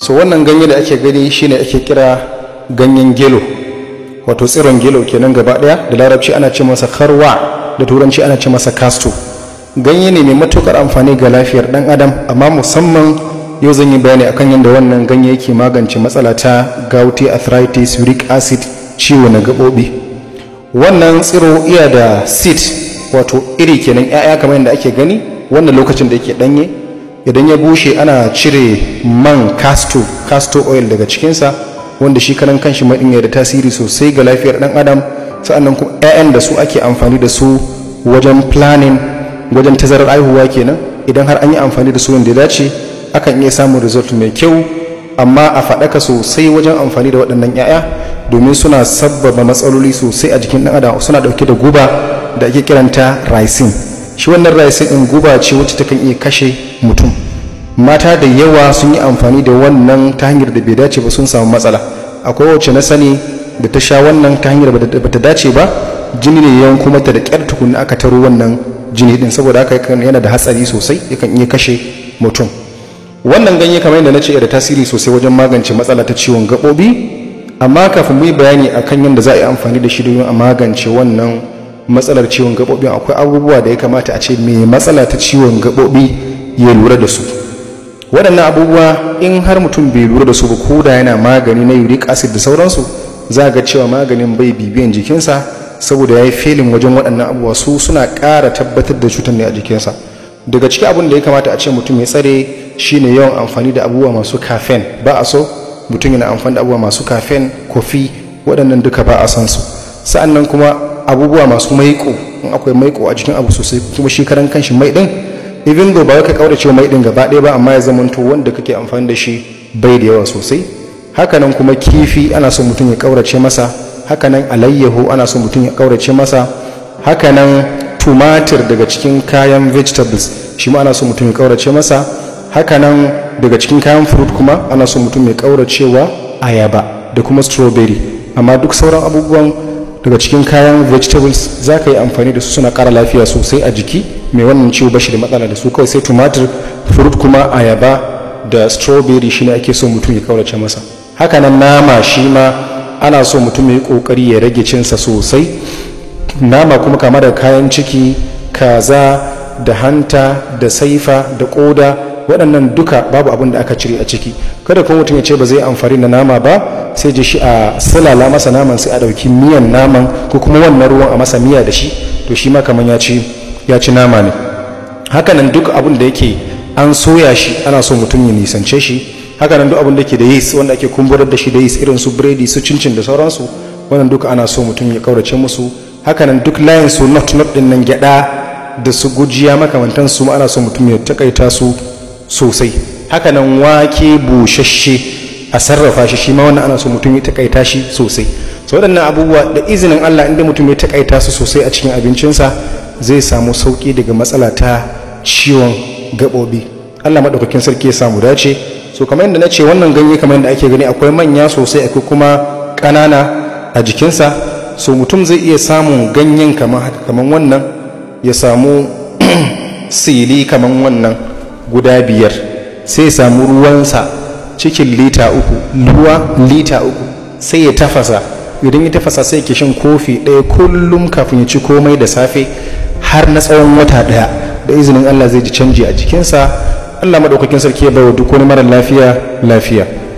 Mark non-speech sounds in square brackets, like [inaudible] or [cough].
so wannan ganye da ake gani shine ake kira ganyen gelo wato tsiron gelo kenan gaba daya da larabci ana ce masa karwa da turanci ana ce masa kasto ganye ne mai matukar amfani ga lafiyar dan adam amma musamman yau zan yi bayani akan yadda wannan ganye yake magance matsala ta gouty arthritis uric acid ciwo na gabobi wannan tsiro iya da seed wato iri kenan 'ya'ya kamar yadda ake gani wannan lokacin da yake danye idan ya bushe ana cire man castor castor oil daga cikinsa wanda shi kanan kanshi maɗin ya da tasiri sosai ga lafiyar ɗan adam sa'annan kuma 'ya'yan da su ake amfani da su wajen planning wajen tazarar aihuwa kenan idan har an yi amfani da su wanda ya dace akan iya samun result mai kyau amma a faɗaka sosai wajen amfani da waɗannan 'ya'ya domin suna sabbaba matsaloli sosai a jikin ɗan adam suna ɗauke da guba da ake kiranta ricin shi wannan rayasin in guba ce wacce ta kan iya kashe mutum mata da yawa sun yi amfani da wannan ta hanyar da bai dace ba sun samu matsala akwai wacce na sani da ta sha wannan ta hanyar ba ta dace ba jini ne yawan kuma ta da ƙyar tukunna aka taro wannan jini din saboda haka yana da hatsari sosai yakan iya kashe mutum wannan ganye kamar yadda na ce da tasiri sosai wajen magance matsala ta ciwon gaɓoɓi amma kafin mu yi bayani akan yadda za a yi amfani da shi domin a magance wannan matsalar ciwon gaɓoɓi akwai abubuwa da ya kamata a ce mai matsala ta ciwon gaɓoɓi ya lura da su waɗannan abubuwa in har mutum bai lura da su ba ko da yana magani na uric acid da sauransu za ga cewa maganin bai bibiyan jikinsa saboda ya yi filin wajen waɗannan abubuwa su suna ƙara tabbatar da cutar ne a jikinsa daga ciki abin da ya kamata a ce mutum ya tsare shine yawan amfani da abubuwa masu kafen ba a so mutum yana amfani da abubuwa masu kafen kofi waɗannan duka ba a san su sa'annan kuma abubuwa masu maiko in akwai maiko a jikin abu sosai kuma shi karan kanshi mai din even though ba ka kaurace mai din gaba ɗaya ba amma ya zama to wanda kake amfani da shi bai da yawa sosai hakanan kuma kifi ana so mutum ya kaurace masa hakanan alayyahu ana so mutum ya kaurace masa hakanan tumatir daga cikin kayan vegetables shi ma ana so mutum ya kaurace masa hakanan daga cikin kayan fruit kuma ana so mutum ya kauracewa ayaba da kuma strawberry amma duk sauran abubuwan daga cikin kayan vegetables za ka yi amfani da su suna kara lafiya sosai a jiki mai wannan ciwo bashi da matsala da su kawai sai tumatir fruit kuma ayaba da strawberry shi ne ake so mutum ya kaurace masa hakanan nama shi ma ana so mutum ya yi ƙoƙari ya rage cinsa sosai nama kuma kama da kayan ciki kaza da hanta da saifa da ƙoda waɗannan duka babu abin da aka cire a ciki kada kuma mutum ya ce ba zai amfani da nama ba sai je shi a salala masa naman sai a ɗauki miyan naman ko kuma wannan ruwan a masa miya da shi to shi ma kamar ya ci nama ne hakanan duk abin da yake an soya shi ana so mutum ya nisance shi hakanan duk abin da yake da yeast wanda ake kumburar da shi da yeast irin su biredi su cincin da sauransu wannan duka ana so mutum ya kaurace musu hakanan duk layin su not not din nan gyada da su gujiya makamantan su ana so mutum ya takaita su sosai hakanan wake bushashe a sarrafa shi shi ma wannan ana so mutum ya takaita shi sosai so waɗannan abubuwa da izinin Allah inda mutum ya takaita su sosai a cikin abincinsa zai samu sauki daga matsala ta ciwon gaɓoɓi Allah maɗaukakin sarki ya samu dace so kamar yadda na ce wannan ganye kamar yadda ake gani akwai manya sosai akwai kuma ƙanana a jikinsa so mutum zai iya samun ganyen kamar haka kamar wannan ya samu [clears throat] sili kamar wannan guda biyar sai ya samu ruwansa cikin lita uku ruwa lita uku sai ya tafasa idan ya tafasa sai ke shan kofi ɗaya kullum kafin ya ci komai da safe har na tsawon wata ɗaya da izinin allah zai ji canji a jikinsa allah maɗaukakin sarki ya bai wa duk wani mara lafiya lafiya